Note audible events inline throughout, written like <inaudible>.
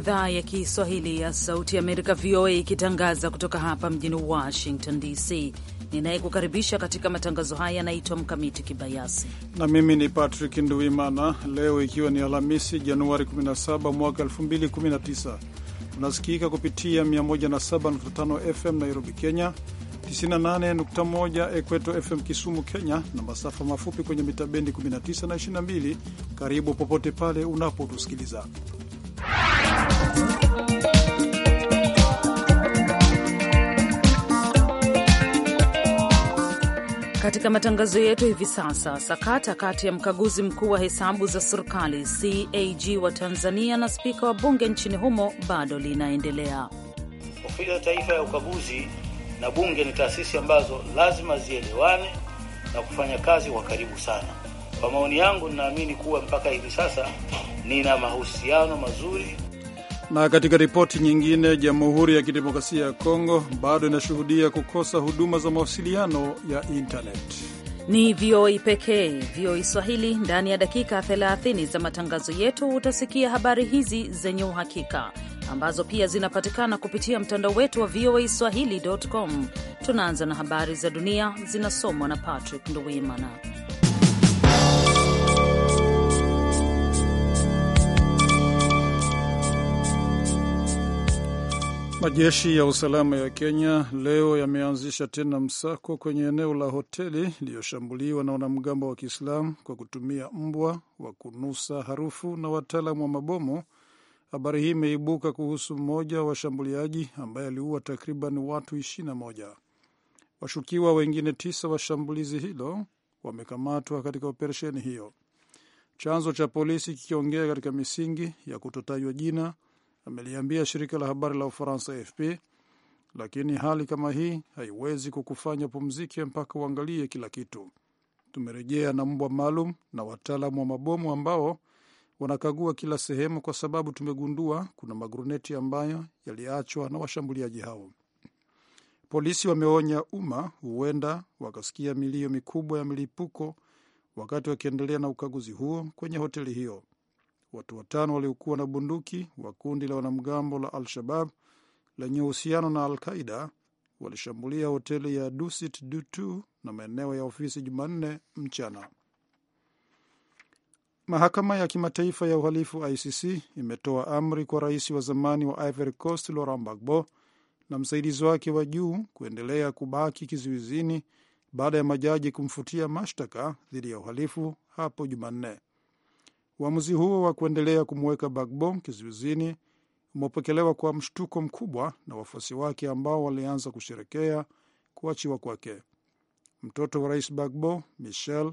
idhaa ya Kiswahili ya Sauti Amerika, VOA, ikitangaza kutoka hapa mjini Washington DC. Ninayekukaribisha katika matangazo haya yanaitwa Mkamiti Kibayasi na mimi ni Patrick Nduimana. Leo ikiwa ni Alhamisi, Januari 17 mwaka 2019, unasikika kupitia 107.5 FM Nairobi, Kenya, 98.1 Equeto FM Kisumu, Kenya, na masafa mafupi kwenye mitabendi 19 na 22. Karibu popote pale unapotusikiliza katika matangazo yetu hivi sasa, sakata kati ya mkaguzi mkuu wa hesabu za serikali CAG wa Tanzania na spika wa bunge nchini humo bado linaendelea. Ofisi ya Taifa ya Ukaguzi na Bunge ni taasisi ambazo lazima zielewane na kufanya kazi kwa karibu sana. Kwa maoni yangu, ninaamini kuwa mpaka hivi sasa nina mahusiano mazuri na katika ripoti nyingine, Jamhuri ya Kidemokrasia ya Kongo bado inashuhudia kukosa huduma za mawasiliano ya intaneti. Ni VOA pekee. VOA Swahili, ndani ya dakika 30 za matangazo yetu utasikia habari hizi zenye uhakika ambazo pia zinapatikana kupitia mtandao wetu wa VOA Swahili.com. Tunaanza na habari za dunia zinasomwa na Patrick Nduwimana. Majeshi ya usalama ya Kenya leo yameanzisha tena msako kwenye eneo la hoteli iliyoshambuliwa na wanamgambo wa Kiislamu kwa kutumia mbwa wa kunusa harufu na wataalamu wa mabomu. Habari hii imeibuka kuhusu mmoja wa washambuliaji ambaye aliua takriban watu 21. Washukiwa wengine tisa wa shambulizi hilo wamekamatwa katika operesheni hiyo, chanzo cha polisi kikiongea katika misingi ya kutotajwa jina ameliambia shirika la habari la Ufaransa AFP, lakini hali kama hii haiwezi kukufanya pumzike mpaka uangalie kila kitu. Tumerejea na mbwa maalum na wataalamu wa mabomu ambao wanakagua kila sehemu, kwa sababu tumegundua kuna magruneti ambayo yaliachwa na washambuliaji hao. Polisi wameonya umma huenda wakasikia milio mikubwa ya milipuko wakati wakiendelea na ukaguzi huo kwenye hoteli hiyo watu watano waliokuwa na bunduki wa kundi la wanamgambo la Al-Shabab lenye uhusiano na Al-Qaida walishambulia hoteli ya Dusit Dutu na maeneo ya ofisi Jumanne mchana. Mahakama ya Kimataifa ya Uhalifu ICC imetoa amri kwa rais wa zamani wa Ivory Coast Laurent Gbagbo na msaidizi wake wa juu kuendelea kubaki kizuizini baada ya majaji kumfutia mashtaka dhidi ya uhalifu hapo Jumanne. Uamuzi huo wa kuendelea kumweka Bagbo kizuizini umepokelewa kwa mshtuko mkubwa na wafuasi wake ambao walianza kusherekea kuachiwa kwake. Mtoto wa rais Bagbo, Michel,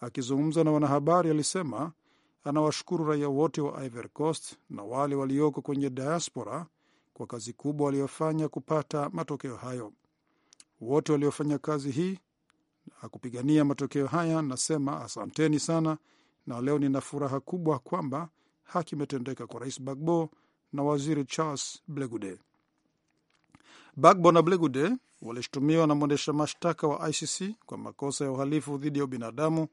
akizungumza na wanahabari, alisema anawashukuru raia wote wa Ivory Coast na wale walioko kwenye diaspora kwa kazi kubwa waliofanya kupata matokeo hayo. Wote waliofanya kazi hii na kupigania matokeo haya, nasema asanteni sana na leo nina furaha kubwa kwamba haki imetendeka kwa Rais Bagbo na Waziri Charles Blegude. Bagbo na Blegude walishutumiwa na mwendesha mashtaka wa ICC kwa makosa ya uhalifu dhidi ya ubinadamu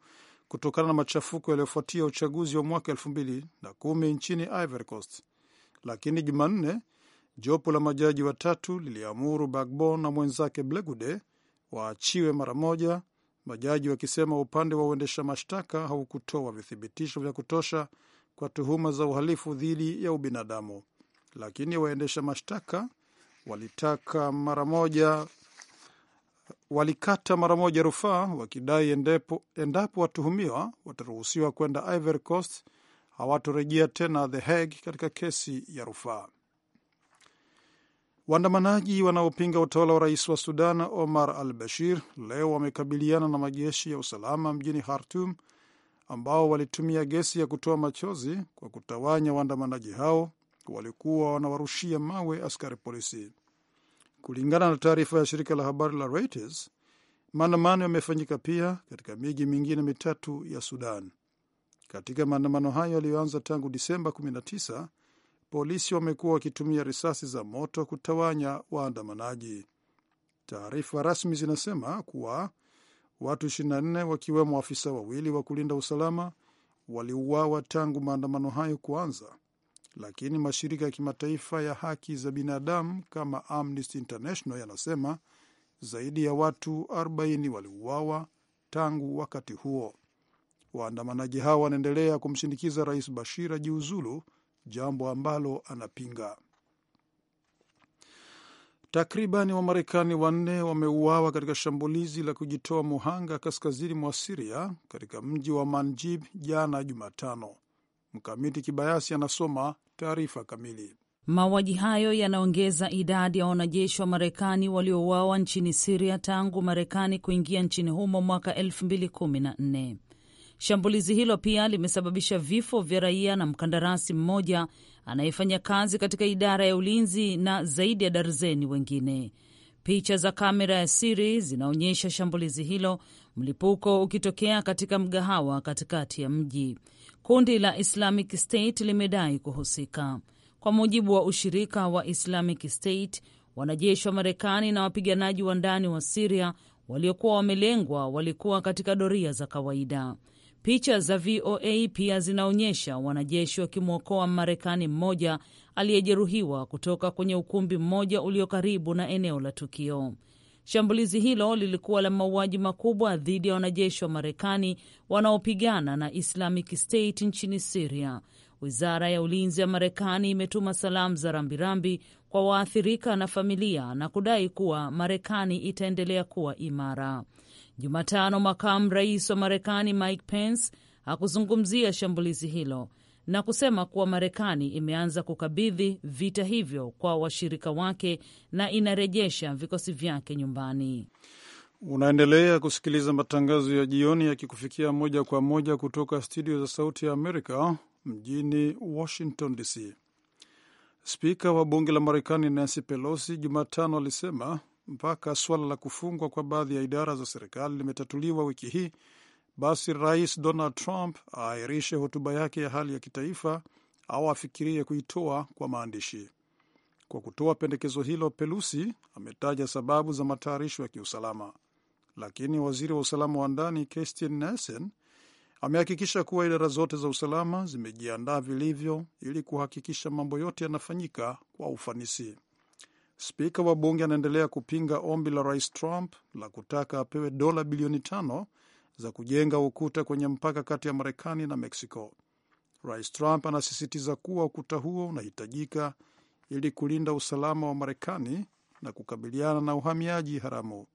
kutokana na machafuko yaliyofuatia uchaguzi wa mwaka elfu mbili na kumi nchini Ivory Coast, lakini Jumanne jopo la majaji watatu liliamuru Bagbo na mwenzake Blegude waachiwe mara moja majaji wakisema upande wa uendesha mashtaka haukutoa vithibitisho vya kutosha kwa tuhuma za uhalifu dhidi ya ubinadamu, lakini waendesha mashtaka walitaka mara moja walikata mara moja rufaa wakidai endapo, endapo watuhumiwa wataruhusiwa kwenda Ivory Coast hawatorejea tena The Hague katika kesi ya rufaa. Waandamanaji wanaopinga utawala wa rais wa Sudan Omar al Bashir leo wamekabiliana na majeshi ya usalama mjini Khartum ambao walitumia gesi ya kutoa machozi kwa kutawanya waandamanaji hao walikuwa wanawarushia mawe askari polisi. Kulingana na taarifa ya shirika la habari la Reuters, maandamano yamefanyika pia katika miji mingine mitatu ya Sudan. Katika maandamano hayo yaliyoanza tangu Disemba 19 polisi wamekuwa wakitumia risasi za moto kutawanya waandamanaji. Taarifa rasmi zinasema kuwa watu 24 wakiwemo afisa wawili wa kulinda usalama waliuawa tangu maandamano hayo kuanza, lakini mashirika ya kimataifa ya haki za binadamu kama Amnesty International yanasema zaidi ya watu 40 waliuawa tangu wakati huo. Waandamanaji hao wanaendelea kumshinikiza Rais Bashir ajiuzulu jambo ambalo anapinga. Takriban Wamarekani wanne wameuawa katika shambulizi la kujitoa muhanga kaskazini mwa Siria katika mji wa Manjib jana Jumatano. Mkamiti Kibayasi anasoma taarifa kamili. Mauaji hayo yanaongeza idadi ya wanajeshi wa Marekani waliouawa nchini Siria tangu Marekani kuingia nchini humo mwaka 2014. Shambulizi hilo pia limesababisha vifo vya raia na mkandarasi mmoja anayefanya kazi katika idara ya ulinzi na zaidi ya darzeni wengine. Picha za kamera ya siri zinaonyesha shambulizi hilo, mlipuko ukitokea katika mgahawa katikati ya mji. Kundi la Islamic State limedai kuhusika. Kwa mujibu wa ushirika wa Islamic State, wanajeshi wa Marekani na wapiganaji wa ndani wa Siria waliokuwa wamelengwa walikuwa katika doria za kawaida. Picha za VOA pia zinaonyesha wanajeshi wakimwokoa marekani mmoja aliyejeruhiwa kutoka kwenye ukumbi mmoja ulio karibu na eneo la tukio. Shambulizi hilo lilikuwa la mauaji makubwa dhidi ya wanajeshi wa Marekani wanaopigana na Islamic State nchini Siria. Wizara ya ulinzi ya Marekani imetuma salamu za rambirambi kwa waathirika na familia na kudai kuwa Marekani itaendelea kuwa imara. Jumatano makamu rais wa Marekani Mike Pence hakuzungumzia shambulizi hilo na kusema kuwa Marekani imeanza kukabidhi vita hivyo kwa washirika wake na inarejesha vikosi vyake nyumbani. Unaendelea kusikiliza matangazo ya jioni yakikufikia moja kwa moja kutoka studio za Sauti ya Amerika mjini Washington DC. Spika wa bunge la Marekani Nancy Pelosi Jumatano alisema mpaka suala la kufungwa kwa baadhi ya idara za serikali limetatuliwa wiki hii, basi Rais Donald Trump aahirishe hotuba yake ya hali ya kitaifa au afikirie kuitoa kwa maandishi. Kwa kutoa pendekezo hilo, Pelusi ametaja sababu za matayarisho ya kiusalama, lakini waziri wa usalama wa ndani Kirstjen Nielsen amehakikisha kuwa idara zote za usalama zimejiandaa vilivyo ili kuhakikisha mambo yote yanafanyika kwa ufanisi. Spika wa bunge anaendelea kupinga ombi la rais Trump la kutaka apewe dola bilioni tano za kujenga ukuta kwenye mpaka kati ya Marekani na Mexico. Rais Trump anasisitiza kuwa ukuta huo unahitajika ili kulinda usalama wa Marekani na kukabiliana na uhamiaji haramu.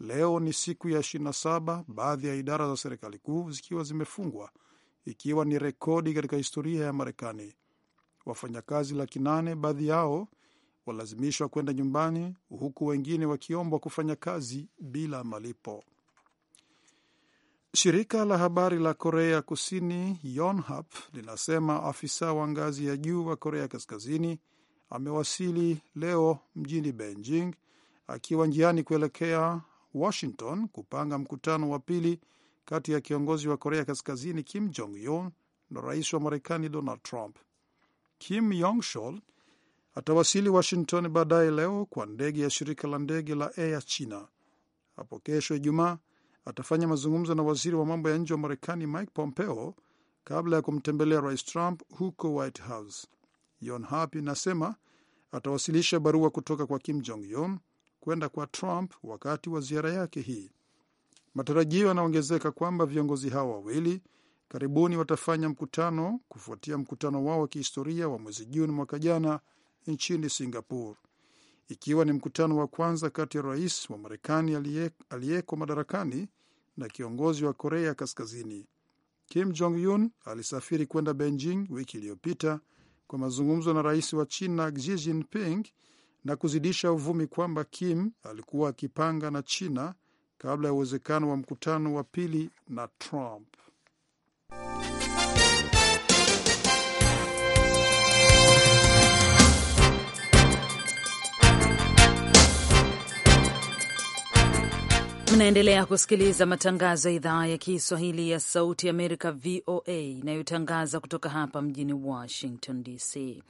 Leo ni siku ya 27 baadhi ya idara za serikali kuu zikiwa zimefungwa, ikiwa ni rekodi katika historia ya Marekani. Wafanyakazi laki nane, baadhi yao walazimishwa kwenda nyumbani huku wengine wakiombwa kufanya kazi bila malipo. Shirika la habari la Korea Kusini Yonhap linasema afisa wa ngazi ya juu wa Korea Kaskazini amewasili leo mjini Beijing akiwa njiani kuelekea Washington kupanga mkutano wa pili kati ya kiongozi wa Korea Kaskazini Kim Jong Un na rais wa Marekani Donald Trump. Kim Yong Shol atawasili Washington baadaye leo kwa ndege ya shirika la ndege la Air China. Hapo kesho Ijumaa atafanya mazungumzo na waziri wa mambo ya nje wa Marekani Mike Pompeo kabla ya kumtembelea Rais Trump huko White House. Yon Hap inasema atawasilisha barua kutoka kwa Kim Jong Un kwenda kwa Trump wakati wa ziara yake hii. Matarajio yanaongezeka kwamba viongozi hao wawili karibuni watafanya mkutano kufuatia mkutano wao wa kihistoria wa mwezi Juni mwaka jana nchini Singapore, ikiwa ni mkutano wa kwanza kati ya rais wa Marekani aliyeko madarakani na kiongozi wa Korea Kaskazini. Kim Jong Un alisafiri kwenda Beijing wiki iliyopita kwa mazungumzo na rais wa China Xi Jinping na kuzidisha uvumi kwamba Kim alikuwa akipanga na China kabla ya uwezekano wa mkutano wa pili na Trump. mnaendelea kusikiliza matangazo ya idhaa ya Kiswahili ya Sauti Amerika, VOA, inayotangaza kutoka hapa mjini Washington DC.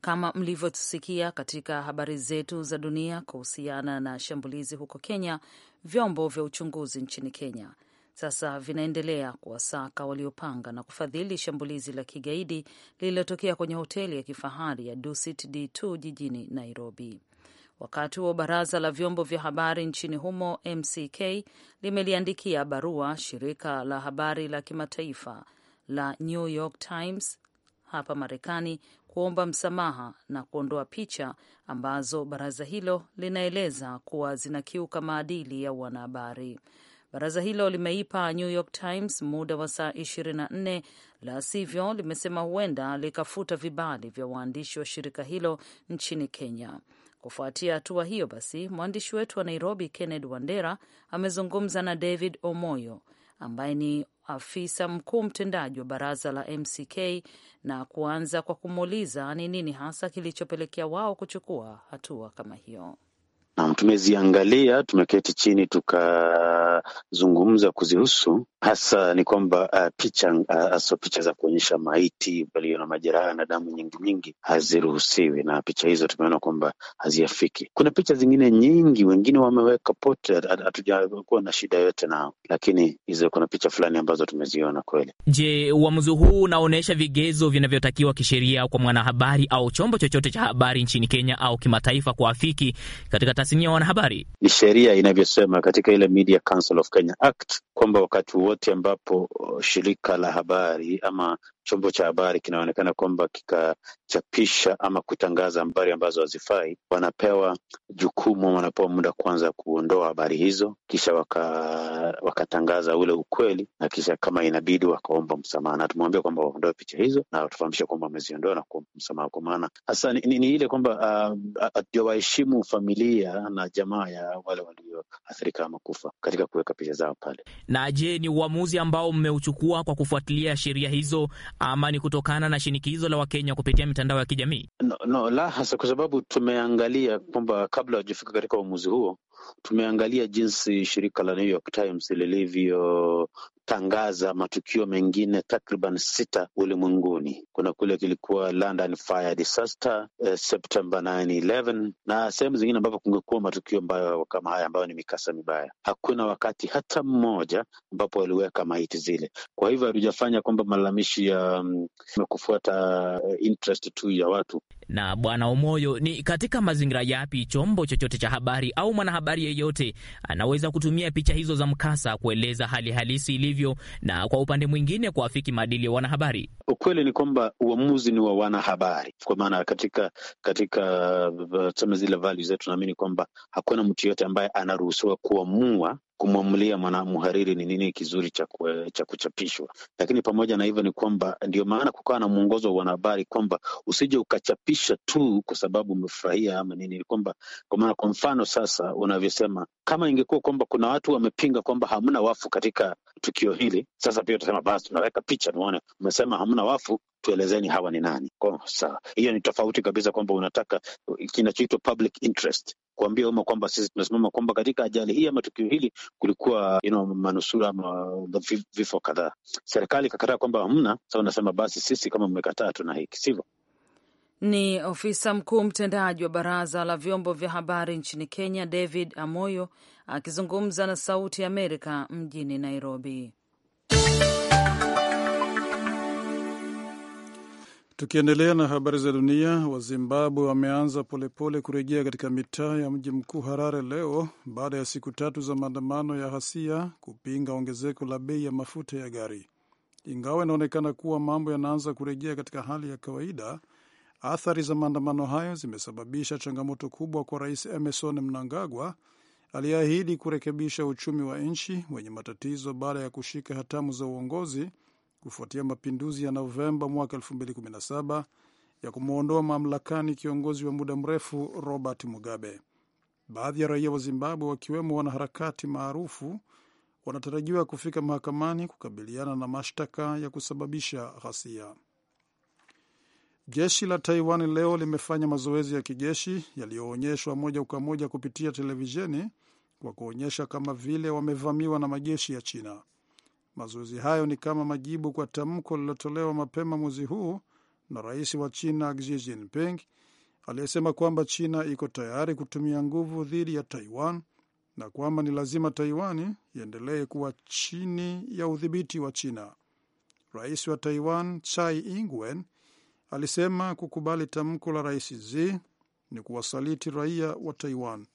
Kama mlivyotusikia katika habari zetu za dunia kuhusiana na shambulizi huko Kenya, vyombo vya uchunguzi nchini Kenya sasa vinaendelea kuwasaka waliopanga na kufadhili shambulizi la kigaidi lililotokea kwenye hoteli ya kifahari ya Dusit D2 jijini Nairobi. Wakati huo baraza la vyombo vya habari nchini humo MCK limeliandikia barua shirika la habari la kimataifa la New York Times hapa Marekani kuomba msamaha na kuondoa picha ambazo baraza hilo linaeleza kuwa zinakiuka maadili ya wanahabari. Baraza hilo limeipa New York Times muda wa saa 24, la sivyo limesema huenda likafuta vibali vya waandishi wa shirika hilo nchini Kenya. Kufuatia hatua hiyo basi, mwandishi wetu wa Nairobi kenned Wandera amezungumza na David Omoyo ambaye ni afisa mkuu mtendaji wa baraza la MCK na kuanza kwa kumuuliza ni nini hasa kilichopelekea wao kuchukua hatua kama hiyo na tumeziangalia, tumeketi chini tukazungumza kuzihusu. Hasa ni kwamba uh, picha hasa uh, picha za kuonyesha maiti walio na majeraha na damu nyingi nyingi haziruhusiwi, na picha hizo tumeona kwamba haziafiki. Kuna picha zingine nyingi, wengine wameweka pote, hatujakuwa na shida yote nao, lakini hizo kuna picha fulani ambazo tumeziona kweli. Je, uamuzi huu unaonyesha vigezo vinavyotakiwa kisheria kwa mwanahabari au chombo chochote cha habari nchini Kenya au kimataifa kuafiki katika tasnia wanahabari? Ni sheria inavyosema katika ile Media Council of Kenya Act kwamba wakati wote ambapo uh, shirika la habari ama chombo cha habari kinaonekana kwamba kikachapisha ama kutangaza habari ambazo hazifai, wanapewa jukumu, wanapewa muda kwanza kuondoa habari hizo, kisha wakatangaza waka ule ukweli, na kisha kama inabidi wakaomba msamaha, na tumwambia kwamba waondoe picha hizo na watufahamisha kwamba wameziondoa na kuomba msamaha, kwa maana hasa ni, ni ile kwamba um, waheshimu familia na jamaa ya wale walioathirika ama kufa katika kuweka picha zao pale. Na je, ni uamuzi ambao mmeuchukua kwa kufuatilia sheria hizo ama ni kutokana na shinikizo la Wakenya kupitia mitandao ya kijamii? No, no, la hasa kwa sababu tumeangalia kwamba kabla hajafika katika uamuzi huo tumeangalia jinsi shirika la New York Times lilivyotangaza matukio mengine takriban sita ulimwenguni. Kuna kule kilikuwa London Fire Disaster, eh, 9 na sehemu zingine ambapo kungekuwa matukio mbayo kama haya ambayo ni mikasa mibaya. Hakuna wakati hata mmoja ambapo waliweka maiti zile. Kwa hivyo hatujafanya kwamba malalamishi ya um, kufuata eh, interest tu ya watu. Na Bwana Omoyo, ni katika mazingira yapi chombo chochote cha habari au mwanahabari habari yeyote anaweza kutumia picha hizo za mkasa kueleza hali halisi ilivyo, na kwa upande mwingine kuafiki maadili ya wanahabari. Ukweli ni kwamba uamuzi ni wa wanahabari, kwa maana katika katika uh, tuseme zile zetu, naamini kwamba hakuna mtu yeyote ambaye anaruhusiwa kuamua kumwamulia mhariri ni nini kizuri cha cha kuchapishwa. Lakini pamoja na hivyo ni kwamba ndio maana kukawa na mwongozo wa wanahabari kwamba usije ukachapisha tu kwa sababu umefurahia ama nini, kwamba kwa maana, kwa mfano sasa unavyosema, kama ingekuwa kwamba kuna watu wamepinga kwamba hamna wafu katika tukio hili. Sasa pia utasema basi, tunaweka picha tuone, umesema hamna wafu, tuelezeni hawa ni nani. Sawa, hiyo ni tofauti kabisa, kwamba unataka kinachoitwa public interest kuambia umma kwamba sisi tunasimama kwamba katika ajali hii ama tukio hili kulikuwa you know, manusura ama vifo kadhaa. Serikali ikakataa kwamba hamna. sa unasema basi, sisi kama mmekataa tuna hiki, sivyo? Ni ofisa mkuu mtendaji wa baraza la vyombo vya habari nchini Kenya, David Amoyo, akizungumza na Sauti ya Amerika mjini Nairobi. Tukiendelea na habari za dunia, Wazimbabwe wameanza polepole kurejea katika mitaa ya mji mkuu Harare leo baada ya siku tatu za maandamano ya ghasia kupinga ongezeko la bei ya mafuta ya gari. Ingawa inaonekana kuwa mambo yanaanza kurejea katika hali ya kawaida, Athari za maandamano hayo zimesababisha changamoto kubwa kwa Rais Emerson Mnangagwa aliyeahidi kurekebisha uchumi wa nchi wenye matatizo baada ya kushika hatamu za uongozi kufuatia mapinduzi ya Novemba mwaka 2017 ya kumwondoa mamlakani kiongozi wa muda mrefu Robert Mugabe. Baadhi ya raia wa Zimbabwe wakiwemo wanaharakati maarufu wanatarajiwa kufika mahakamani kukabiliana na mashtaka ya kusababisha ghasia. Jeshi la Taiwan leo limefanya mazoezi ya kijeshi yaliyoonyeshwa moja kwa moja kupitia televisheni kwa kuonyesha kama vile wamevamiwa na majeshi ya China. Mazoezi hayo ni kama majibu kwa tamko lililotolewa mapema mwezi huu na rais wa China Xi Jinping aliyesema kwamba China iko tayari kutumia nguvu dhidi ya Taiwan na kwamba ni lazima Taiwan iendelee kuwa chini ya udhibiti wa China. Rais wa Taiwan Tsai Ing-wen alisema kukubali tamko la Rais Xi ni kuwasaliti raia wa Taiwan.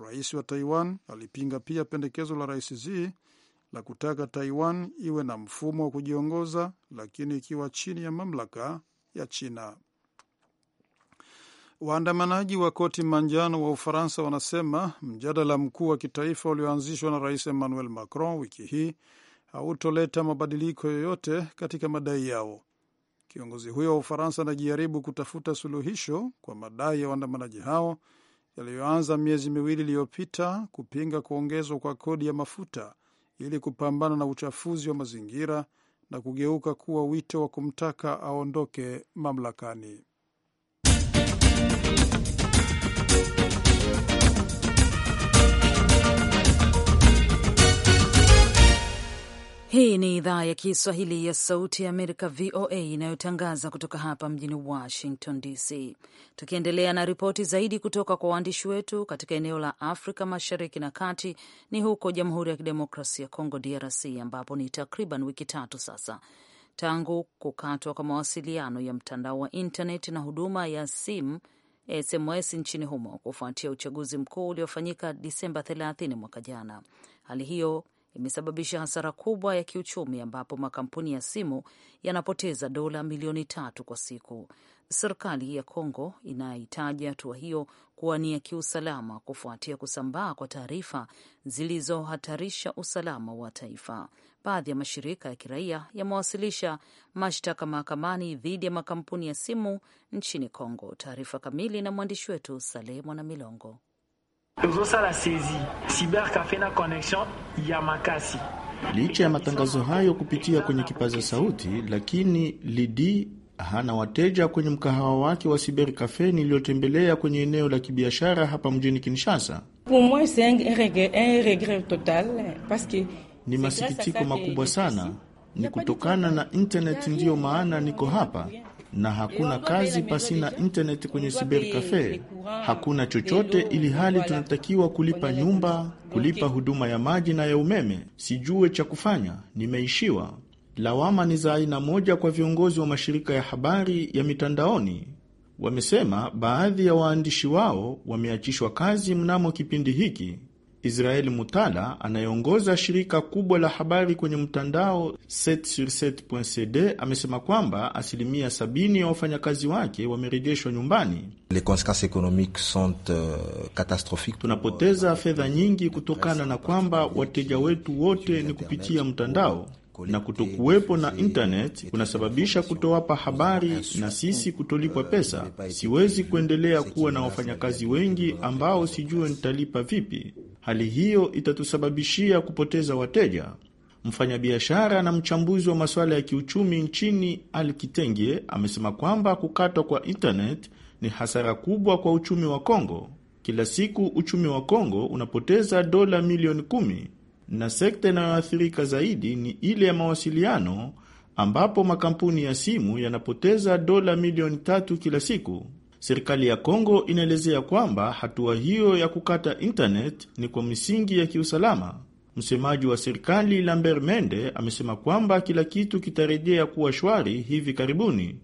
Rais wa Taiwan alipinga pia pendekezo la Rais Xi la kutaka Taiwan iwe na mfumo wa kujiongoza, lakini ikiwa chini ya mamlaka ya China. Waandamanaji wa koti manjano wa Ufaransa wanasema mjadala mkuu wa kitaifa ulioanzishwa na Rais Emmanuel Macron wiki hii hautoleta mabadiliko yoyote katika madai yao. Kiongozi huyo wa Ufaransa anajaribu kutafuta suluhisho kwa madai ya waandamanaji hao yaliyoanza miezi miwili iliyopita kupinga kuongezwa kwa kodi ya mafuta ili kupambana na uchafuzi wa mazingira na kugeuka kuwa wito wa kumtaka aondoke mamlakani. Hii ni idhaa ya Kiswahili ya Sauti ya Amerika, VOA, inayotangaza kutoka hapa mjini Washington DC. Tukiendelea na ripoti zaidi kutoka kwa waandishi wetu katika eneo la Afrika Mashariki na Kati, ni huko Jamhuri ya Kidemokrasia ya Kongo, DRC, ambapo ni takriban wiki tatu sasa tangu kukatwa kwa mawasiliano ya mtandao wa intaneti na huduma ya simu SMS nchini humo kufuatia uchaguzi mkuu uliofanyika Disemba 30 mwaka jana. Hali hiyo imesababisha hasara kubwa ya kiuchumi ambapo makampuni ya simu yanapoteza dola milioni tatu kwa siku. Serikali ya Kongo inaitaja hatua hiyo kuwa ni ya kiusalama kufuatia kusambaa kwa taarifa zilizohatarisha usalama wa taifa. Baadhi ya mashirika ya kiraia yamewasilisha mashtaka mahakamani dhidi ya makampuni ya simu nchini Kongo. Taarifa kamili na mwandishi wetu Saleh Mwanamilongo. Milongo cyber cafe na connection ya makasi. Licha ya matangazo hayo kupitia kwenye kipaza sauti, lakini Lidi hana wateja kwenye mkahawa wake wa Siber Cafe niliyotembelea kwenye eneo la kibiashara hapa mjini Kinshasa. Ni masikitiko makubwa sana, ni kutokana na internet ndiyo maana niko hapa, na hakuna kazi pasina internet kwenye cyber cafe, hakuna chochote, ili hali tunatakiwa kulipa nyumba, kulipa huduma ya maji na ya umeme. Sijue cha kufanya, nimeishiwa. Lawama ni za aina moja kwa viongozi wa mashirika ya habari ya mitandaoni. Wamesema baadhi ya waandishi wao wameachishwa kazi mnamo kipindi hiki. Israel Mutala anayeongoza shirika kubwa la habari kwenye mtandao 7 sur amesema kwamba asilimia 70 ya wafanyakazi wake wamerejeshwa nyumbani. Les conséquences économiques sont euh, catastrophiques. Tunapoteza fedha nyingi kutokana na kwamba wateja wetu wote ni kupitia mtandao na kutokuwepo na internet kunasababisha kutowapa habari na sisi kutolipwa pesa. Siwezi kuendelea kuwa na wafanyakazi wengi ambao sijue nitalipa vipi hali hiyo itatusababishia kupoteza wateja. Mfanyabiashara na mchambuzi wa masuala ya kiuchumi nchini Al Kitenge amesema kwamba kukatwa kwa internet ni hasara kubwa kwa uchumi wa Kongo. Kila siku uchumi wa Kongo unapoteza dola milioni kumi, na sekta inayoathirika zaidi ni ile ya mawasiliano ambapo makampuni ya simu yanapoteza dola milioni tatu kila siku. Serikali ya Kongo inaelezea kwamba hatua hiyo ya kukata internet ni kwa misingi ya kiusalama. Msemaji wa serikali Lambert Mende amesema kwamba kila kitu kitarejea kuwa shwari hivi karibuni.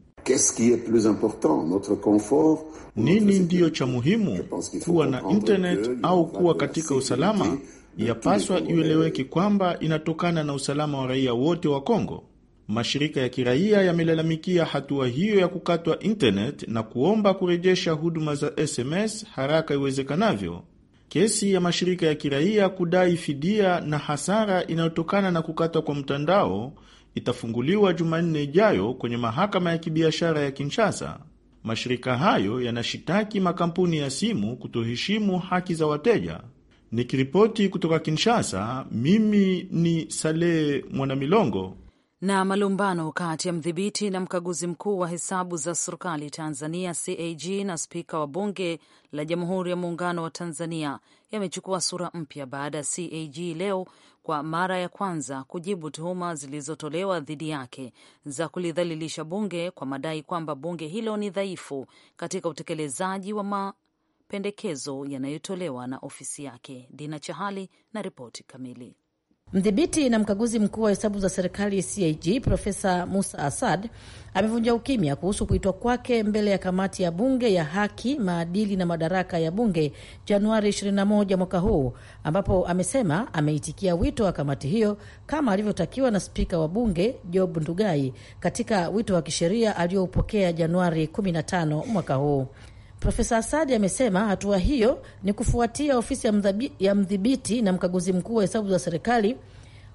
Nini ndiyo cha muhimu, kuwa na internet au kuwa katika usalama? Yapaswa ieleweke kwamba inatokana na usalama wa raia wote wa Kongo. Mashirika ya kiraia yamelalamikia hatua hiyo ya kukatwa internet na kuomba kurejesha huduma za SMS haraka iwezekanavyo. Kesi ya mashirika ya kiraia kudai fidia na hasara inayotokana na kukatwa kwa mtandao itafunguliwa Jumanne ijayo kwenye mahakama ya kibiashara ya Kinshasa. Mashirika hayo yanashitaki makampuni ya simu kutoheshimu haki za wateja. Nikiripoti kutoka Kinshasa, mimi ni Saleh Mwanamilongo. Na malumbano kati ya mdhibiti na mkaguzi mkuu wa hesabu za serikali Tanzania CAG na spika wa bunge la Jamhuri ya Muungano wa Tanzania yamechukua sura mpya baada ya CAG leo kwa mara ya kwanza kujibu tuhuma zilizotolewa dhidi yake za kulidhalilisha bunge kwa madai kwamba bunge hilo ni dhaifu katika utekelezaji wa mapendekezo yanayotolewa na ofisi yake. Dina Chahali na ripoti kamili. Mdhibiti na mkaguzi mkuu wa hesabu za serikali CAG Profesa Musa Asad amevunja ukimya kuhusu kuitwa kwake mbele ya kamati ya bunge ya haki, maadili na madaraka ya bunge Januari 21 mwaka huu, ambapo amesema ameitikia wito wa kamati hiyo kama alivyotakiwa na spika wa bunge Job Ndugai katika wito wa kisheria aliyoupokea Januari 15 mwaka huu. Profesa Asadi amesema hatua hiyo ni kufuatia ofisi ya, mdhabi, ya mdhibiti na mkaguzi mkuu wa hesabu za serikali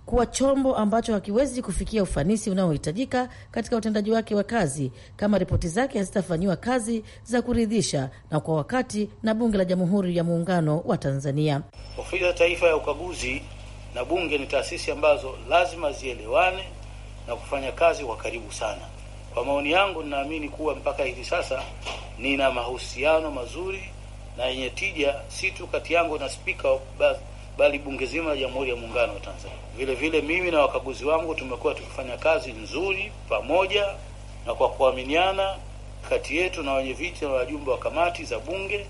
kuwa chombo ambacho hakiwezi kufikia ufanisi unaohitajika katika utendaji wake wa kazi kama ripoti zake hazitafanyiwa kazi za kuridhisha na kwa wakati na Bunge la Jamhuri ya Muungano wa Tanzania. Ofisi ya Taifa ya Ukaguzi na Bunge ni taasisi ambazo lazima zielewane na kufanya kazi kwa karibu sana. Kwa maoni yangu, ninaamini kuwa mpaka hivi sasa nina mahusiano mazuri na yenye tija, si tu kati yangu na spika bali bunge zima la Jamhuri ya Muungano wa Tanzania. Vile vile mimi na wakaguzi wangu tumekuwa tukifanya kazi nzuri pamoja na kwa kuaminiana kati yetu na wenye viti na wajumbe wa kamati za bunge.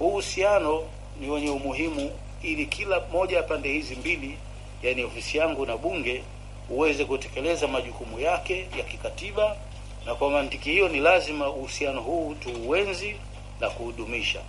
uhusiano ni wenye umuhimu ili kila moja ya pande hizi mbili, yaani ofisi yangu na bunge, uweze kutekeleza majukumu yake ya kikatiba na kwa mantiki hiyo ni lazima uhusiano huu tuuenzi na kuhudumisha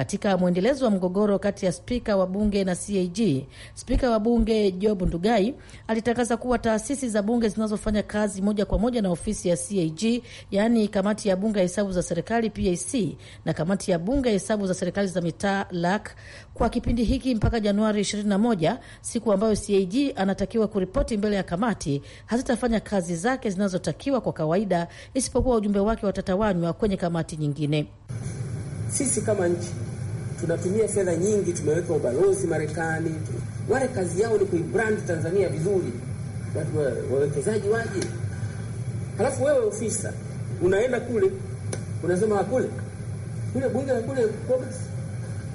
katika mwendelezo wa mgogoro kati ya spika wa bunge na CAG. Spika wa bunge Job Ndugai alitangaza kuwa taasisi za bunge zinazofanya kazi moja kwa moja na ofisi ya CAG, yaani kamati ya bunge ya hesabu za serikali PAC na kamati ya bunge ya hesabu za serikali za mitaa LAC kwa kipindi hiki mpaka Januari 21, siku ambayo CAG anatakiwa kuripoti mbele ya kamati, hazitafanya kazi zake zinazotakiwa kwa kawaida, isipokuwa ujumbe wake watatawanywa kwenye kamati nyingine. Sisi kama nchi tunatumia fedha nyingi, tumeweka ubalozi Marekani. Wale kazi yao ni kuibrand Tanzania vizuri, wawekezaji waje. Halafu wewe ofisa unaenda kule unasema hakule kule, bunge la kule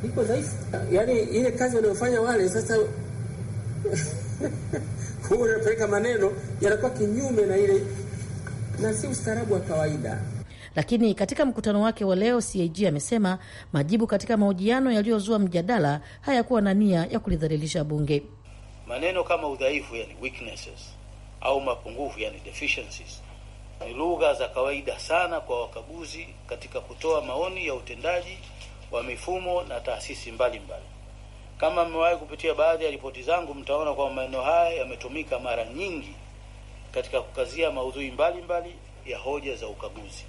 iko dhaifu, yaani ile kazi wanayofanya wale sasa <laughs> unapeleka maneno yanakuwa kinyume na ile, na si ustaarabu wa kawaida. Lakini katika mkutano wake wa leo, CAG amesema majibu katika mahojiano yaliyozua mjadala hayakuwa na nia ya kulidhalilisha bunge. Maneno kama udhaifu, yani weaknesses, au mapungufu, yani deficiencies, ni lugha za kawaida sana kwa wakaguzi katika kutoa maoni ya utendaji wa mifumo na taasisi mbalimbali mbali. Kama mmewahi kupitia baadhi ya ripoti zangu, mtaona kwamba maneno haya yametumika mara nyingi katika kukazia maudhui mbalimbali mbali ya hoja za ukaguzi.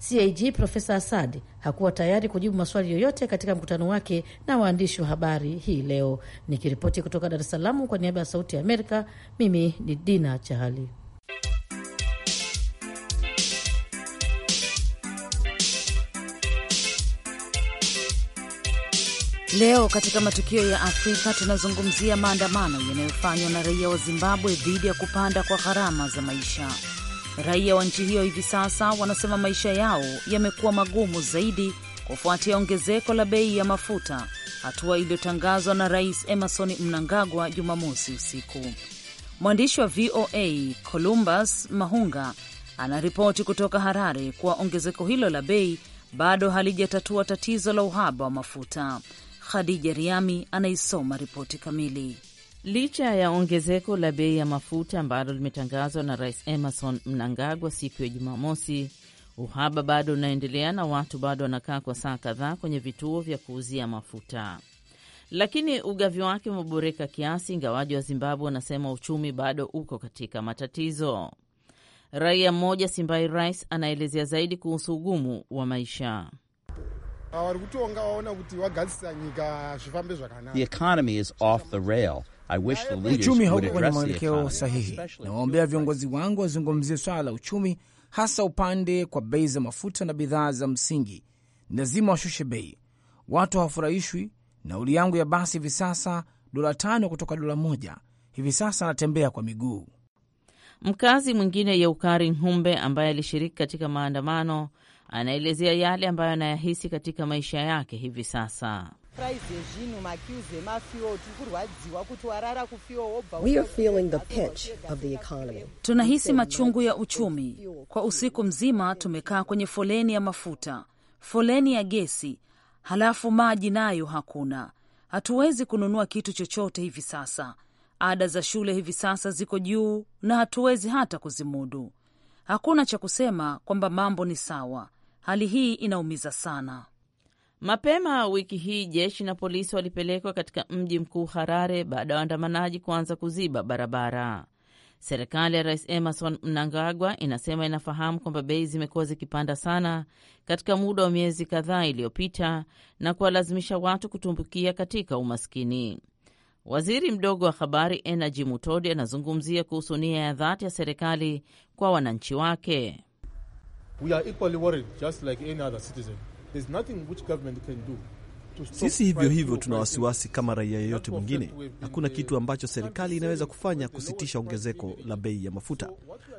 CAG Profesa Asadi hakuwa tayari kujibu maswali yoyote katika mkutano wake na waandishi wa habari hii leo. Nikiripoti kutoka Dar es Salaam kwa niaba ya Sauti ya Amerika, mimi ni Dina Chahali. Leo katika matukio ya Afrika tunazungumzia maandamano yanayofanywa na raia wa Zimbabwe dhidi ya kupanda kwa gharama za maisha. Raia wa nchi hiyo hivi sasa wanasema maisha yao yamekuwa magumu zaidi kufuatia ongezeko la bei ya mafuta, hatua iliyotangazwa na Rais Emerson Mnangagwa Jumamosi usiku. Mwandishi wa VOA Columbus Mahunga anaripoti kutoka Harare kuwa ongezeko hilo la bei bado halijatatua tatizo la uhaba wa mafuta. Khadija Riami anaisoma ripoti kamili. Licha ya ongezeko la bei ya mafuta ambalo limetangazwa na Rais Emerson Mnangagwa siku ya Jumamosi, uhaba bado unaendelea na watu bado wanakaa kwa saa kadhaa kwenye vituo vya kuuzia mafuta, lakini ugavi wake umeboreka kiasi, ingawaji wa Zimbabwe wanasema uchumi bado uko katika matatizo. Raia mmoja Simbai rais anaelezea zaidi kuhusu ugumu wa maisha. The economy is off the rail. Uchumi hauko kwenye mwelekeo sahihi, nawaombea viongozi wangu wazungumzie swala la uchumi, hasa upande kwa bei za mafuta na bidhaa za msingi. Ni lazima washushe bei, watu hawafurahishwi. Nauli yangu ya basi hivi sasa dola tano kutoka dola moja. Hivi sasa anatembea kwa miguu. Mkazi mwingine yeukari Nhumbe ambaye alishiriki katika maandamano anaelezea yale ambayo anayahisi katika maisha yake hivi sasa. We are feeling the pinch of the economy. Tunahisi machungu ya uchumi. Kwa usiku mzima tumekaa kwenye foleni ya mafuta, foleni ya gesi, halafu maji nayo hakuna. Hatuwezi kununua kitu chochote hivi sasa. Ada za shule hivi sasa ziko juu na hatuwezi hata kuzimudu. Hakuna cha kusema kwamba mambo ni sawa. Hali hii inaumiza sana. Mapema wiki hii jeshi na polisi walipelekwa katika mji mkuu Harare baada ya waandamanaji kuanza kuziba barabara. Serikali ya Rais Emerson Mnangagwa inasema inafahamu kwamba bei zimekuwa zikipanda sana katika muda wa miezi kadhaa iliyopita na kuwalazimisha watu kutumbukia katika umaskini. Waziri mdogo wa habari Energy Mutodi anazungumzia kuhusu nia ya dhati ya serikali kwa wananchi wake. We are equally worried, just like any other citizen. Sisi hivyo hivyo tuna wasiwasi kama raia yeyote mwingine. Hakuna kitu ambacho serikali inaweza kufanya kusitisha ongezeko la bei ya mafuta.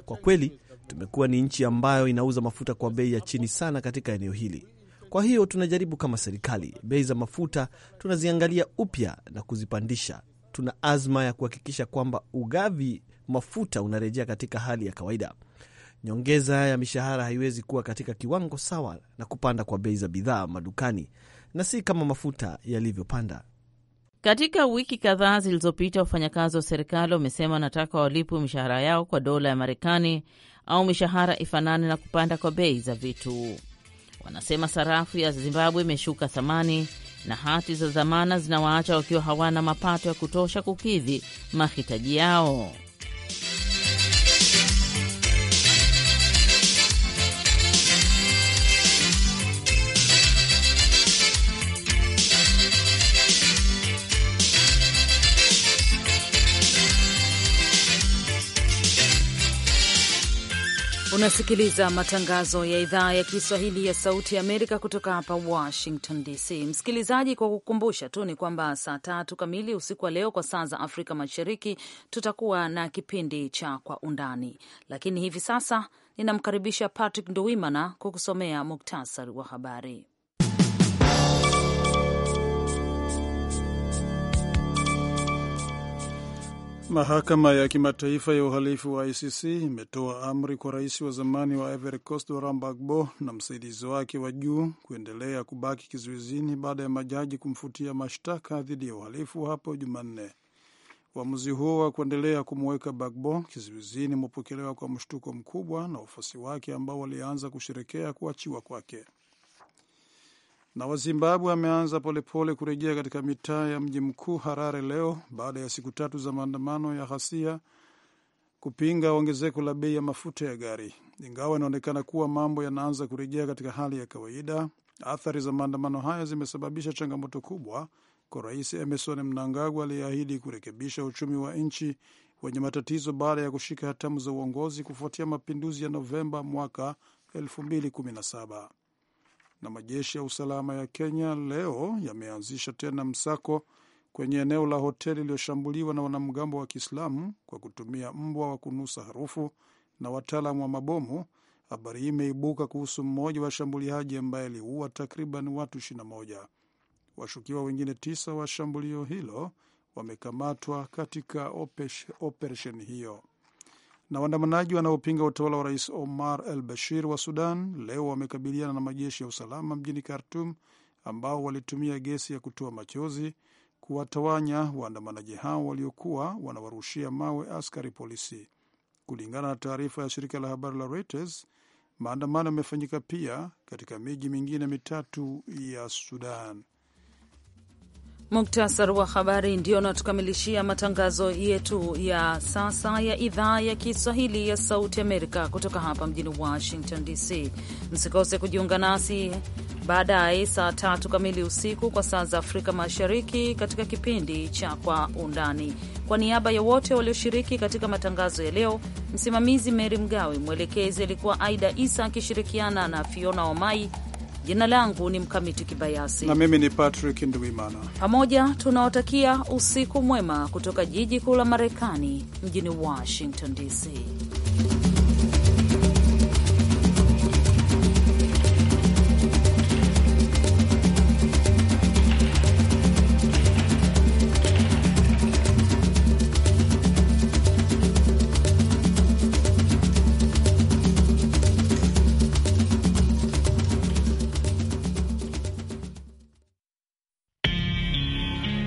Kwa kweli, tumekuwa ni nchi ambayo inauza mafuta kwa bei ya chini sana katika eneo hili. Kwa hiyo tunajaribu kama serikali, bei za mafuta tunaziangalia upya na kuzipandisha. Tuna azma ya kuhakikisha kwamba ugavi mafuta unarejea katika hali ya kawaida. Nyongeza ya mishahara haiwezi kuwa katika kiwango sawa na kupanda kwa bei za bidhaa madukani na si kama mafuta yalivyopanda. Katika wiki kadhaa zilizopita, wafanyakazi wa serikali wamesema wanataka walipwe mishahara yao kwa dola ya Marekani au mishahara ifanane na kupanda kwa bei za vitu. Wanasema sarafu ya Zimbabwe imeshuka thamani na hati za dhamana zinawaacha wakiwa hawana mapato ya kutosha kukidhi mahitaji yao. Unasikiliza matangazo ya idhaa ya Kiswahili ya Sauti ya Amerika kutoka hapa Washington DC. Msikilizaji, kwa kukumbusha tu ni kwamba saa tatu kamili usiku wa leo kwa saa za Afrika Mashariki tutakuwa na kipindi cha Kwa Undani, lakini hivi sasa ninamkaribisha Patrick Nduwimana kukusomea muktasari wa habari. Mahakama ya Kimataifa ya Uhalifu wa ICC imetoa amri kwa rais wa zamani wa Ivory Coast Laurent Gbagbo na msaidizi wake wa juu kuendelea kubaki kizuizini baada ya majaji kumfutia mashtaka dhidi ya uhalifu hapo Jumanne. Uamuzi huo wa kuendelea kumweka Bagbo kizuizini umepokelewa kwa mshtuko mkubwa na wafuasi wake ambao walianza kusherekea kuachiwa kwake. Na Wazimbabwe ameanza polepole kurejea katika mitaa ya mji mkuu Harare leo baada ya siku tatu za maandamano ya ghasia kupinga ongezeko la bei ya mafuta ya gari. Ingawa inaonekana kuwa mambo yanaanza kurejea katika hali ya kawaida, athari za maandamano haya zimesababisha changamoto kubwa kwa Rais Emerson Mnangagwa aliyeahidi kurekebisha uchumi wa nchi wenye matatizo baada ya kushika hatamu za uongozi kufuatia mapinduzi ya Novemba mwaka 2017 na majeshi ya usalama ya Kenya leo yameanzisha tena msako kwenye eneo la hoteli iliyoshambuliwa na wanamgambo wa Kiislamu kwa kutumia mbwa wa kunusa harufu na wataalamu wa mabomu. Habari hii imeibuka kuhusu mmoja wa washambuliaji ambaye aliua takriban watu 21. Washukiwa wengine tisa wa shambulio hilo wamekamatwa katika operesheni hiyo na waandamanaji wanaopinga utawala wa rais Omar al Bashir wa Sudan leo wamekabiliana na majeshi ya usalama mjini Khartum ambao walitumia gesi ya kutoa machozi kuwatawanya waandamanaji hao waliokuwa wanawarushia mawe askari polisi. Kulingana na taarifa ya shirika la habari la Reuters, maandamano yamefanyika pia katika miji mingine mitatu ya Sudan. Muktasar wa habari ndio unatukamilishia matangazo yetu ya sasa ya idhaa ya Kiswahili ya Sauti Amerika kutoka hapa mjini Washington DC. Msikose kujiunga nasi baadaye saa tatu kamili usiku kwa saa za Afrika Mashariki katika kipindi cha Kwa Undani. Kwa niaba ya wote walioshiriki katika matangazo ya leo, msimamizi Meri Mgawe, mwelekezi alikuwa Aida Isa akishirikiana na Fiona Wamai. Jina langu ni Mkamiti Kibayasi na mimi ni Patrick Nduimana. Pamoja tunawatakia usiku mwema kutoka jiji kuu la Marekani, mjini Washington DC.